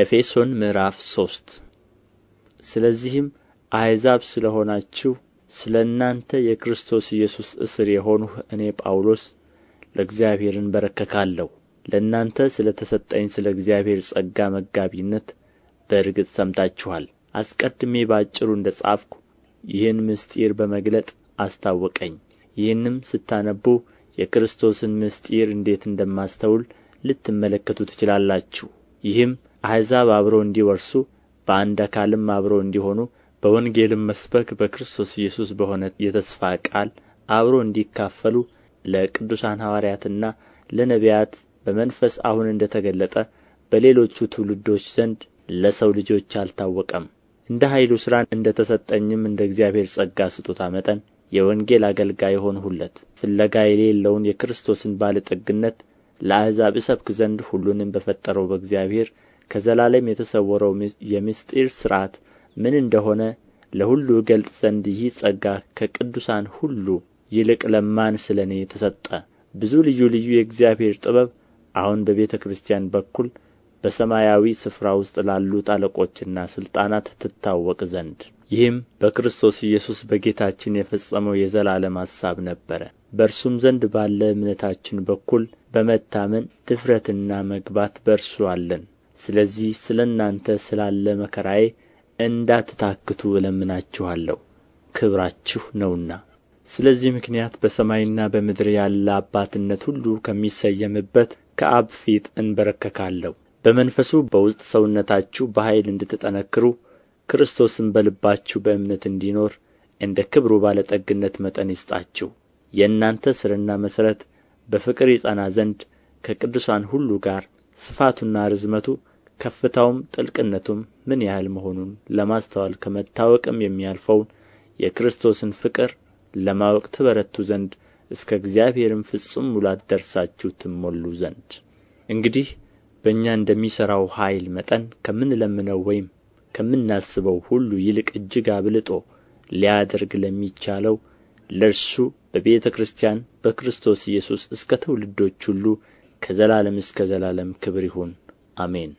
ኤፌሶን ምዕራፍ ሶስት ስለዚህም አሕዛብ ስለ ሆናችሁ ስለ እናንተ የክርስቶስ ኢየሱስ እስር የሆንሁ እኔ ጳውሎስ ለእግዚአብሔር እንበረከካለሁ ለእናንተ ስለ ተሰጠኝ ስለ እግዚአብሔር ጸጋ መጋቢነት በእርግጥ ሰምታችኋል። አስቀድሜ በአጭሩ እንደ ጻፍኩ ይህን ምስጢር በመግለጥ አስታወቀኝ። ይህንም ስታነቡ የክርስቶስን ምስጢር እንዴት እንደማስተውል ልትመለከቱ ትችላላችሁ። ይህም አሕዛብ አብረው እንዲወርሱ በአንድ አካልም አብረው እንዲሆኑ በወንጌልም መስበክ በክርስቶስ ኢየሱስ በሆነ የተስፋ ቃል አብረው እንዲካፈሉ ለቅዱሳን ሐዋርያትና ለነቢያት በመንፈስ አሁን እንደ ተገለጠ በሌሎቹ ትውልዶች ዘንድ ለሰው ልጆች አልታወቀም እንደ ኃይሉ ሥራ እንደ ተሰጠኝም እንደ እግዚአብሔር ጸጋ ስጦታ መጠን የወንጌል አገልጋይ ሆንሁለት ፍለጋ የሌለውን የክርስቶስን ባለ ጠግነት ለአሕዛብ እሰብክ ዘንድ ሁሉንም በፈጠረው በእግዚአብሔር ከዘላለም የተሰወረው የምስጢር ሥርዓት ምን እንደሆነ ለሁሉ እገልጥ ዘንድ ይህ ጸጋ ከቅዱሳን ሁሉ ይልቅ ለማን ስለ እኔ ተሰጠ ብዙ ልዩ ልዩ የእግዚአብሔር ጥበብ አሁን በቤተ ክርስቲያን በኩል በሰማያዊ ስፍራ ውስጥ ላሉት አለቆችና ሥልጣናት ትታወቅ ዘንድ ይህም በክርስቶስ ኢየሱስ በጌታችን የፈጸመው የዘላለም ሐሳብ ነበረ። በእርሱም ዘንድ ባለ እምነታችን በኩል በመታመን ድፍረትና መግባት በእርሱ አለን። ስለዚህ ስለ እናንተ ስላለ መከራዬ እንዳትታክቱ እለምናችኋለሁ ክብራችሁ ነውና ስለዚህ ምክንያት በሰማይና በምድር ያለ አባትነት ሁሉ ከሚሰየምበት ከአብ ፊት እንበረከካለሁ በመንፈሱ በውስጥ ሰውነታችሁ በኃይል እንድትጠነክሩ ክርስቶስም በልባችሁ በእምነት እንዲኖር እንደ ክብሩ ባለጠግነት መጠን ይስጣችሁ የእናንተ ሥርና መሠረት በፍቅር ይጸና ዘንድ ከቅዱሳን ሁሉ ጋር ስፋቱና ርዝመቱ ከፍታውም ጥልቅነቱም ምን ያህል መሆኑን ለማስተዋል ከመታወቅም የሚያልፈውን የክርስቶስን ፍቅር ለማወቅ ትበረቱ ዘንድ እስከ እግዚአብሔርም ፍጹም ሙላት ደርሳችሁ ትሞሉ ዘንድ እንግዲህ በእኛ እንደሚሠራው ኃይል መጠን ከምንለምነው ወይም ከምናስበው ሁሉ ይልቅ እጅግ አብልጦ ሊያደርግ ለሚቻለው ለእርሱ በቤተ ክርስቲያን በክርስቶስ ኢየሱስ እስከ ትውልዶች ሁሉ ከዘላለም እስከ ዘላለም ክብር ይሁን አሜን።